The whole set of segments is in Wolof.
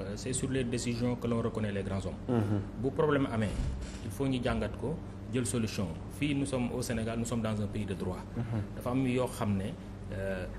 Euh, c'est sur les décisions que l'on reconnaît les grands hommes mhm. bu problème amee il faut ñu jàngat ko jël solution fii nous sommes au Sénégal nous sommes dans un pays de droit mhm. dafa am yoo xam ne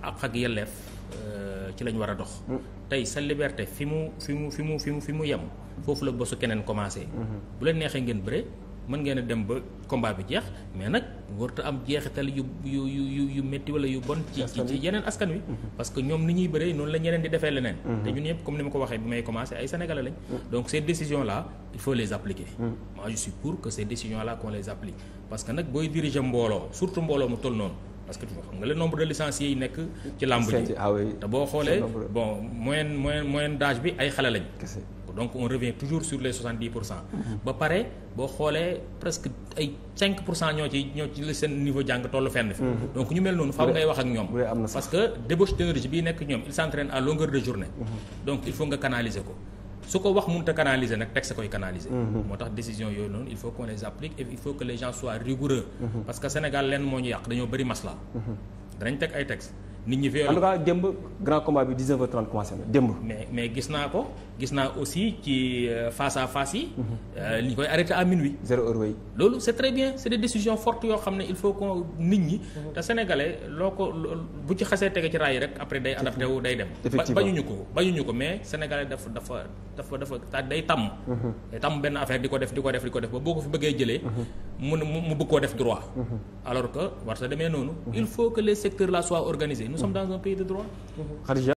ak euh, ak yelleef euh, ci lañ war a dox mm. tey sa liberté fi mu fi mu fi mu fi mu fi mu yem foofu la bosu keneen commencé mhm. bu leen neexee ngeen bëre mën ngeen a dem ba combat bi jeex mais nag warta am jeexital yu yu yu yu métti wala yu bon. ci ci yeneen askan wi. Mhm. parce que ñoom ni ñuy bëree noonu la ñeneen di defee leneen. Mhm. te ñun ñëpp comme ni ma ko waxee bi may commencé ay sénégalais lañ. Mhm. donc ces décisions là il faut les appliquer. moi je pour que ces décisions là qu'on les applique parce que nag booy diriger mbooloo surtout mbooloo mu toll noonu. parce que xam nga le nombre ah te boo xoolee bon moyenne moyenne moyenne d'âge bi ay xale lañ donc on revient toujours sur les 70 pour cent. ba pare boo xoolee presque ay 5 pour cent ñoo ci ñoo ci la seen niveau jàng toll fenn fi. Mhm. donc ñu mel noonu faaw ngay wax ak ñoom. parce que débauche d'énergie bii nekk ñoom ils s'entraînent à longueur de journée. Mhm. donc il faut nga canaliser ko. su ko wax mënut a canaliser nag texte koy canaliser. Mhm. moo tax décision yooyu noonu il faut qu'on les applique et il faut que les gens soient rigoureux. parce que gis naa aussi ci euh, face à yi. Mhm. Euh, li koy arrêté à minuit. loolu c' très bien c' est des décisions yoo xam ne il faut qu'on nit ñi. Mhm. te sénégalais loo ko bu ci xasee tege ci raay rek après day adapté wu day dem. effectivement bañuñu ko bañuñu ko mais sénégalais dafa dafa dafa dafa day tàmm. Mhm. tàmm benn affaire di ko def di ko def di ba boo ko fi bëggee jëlee. mu mu bëgg koo def droit. alors que war sa demee noonu. il faut que les secteurs là soient organisés nous sommes dans un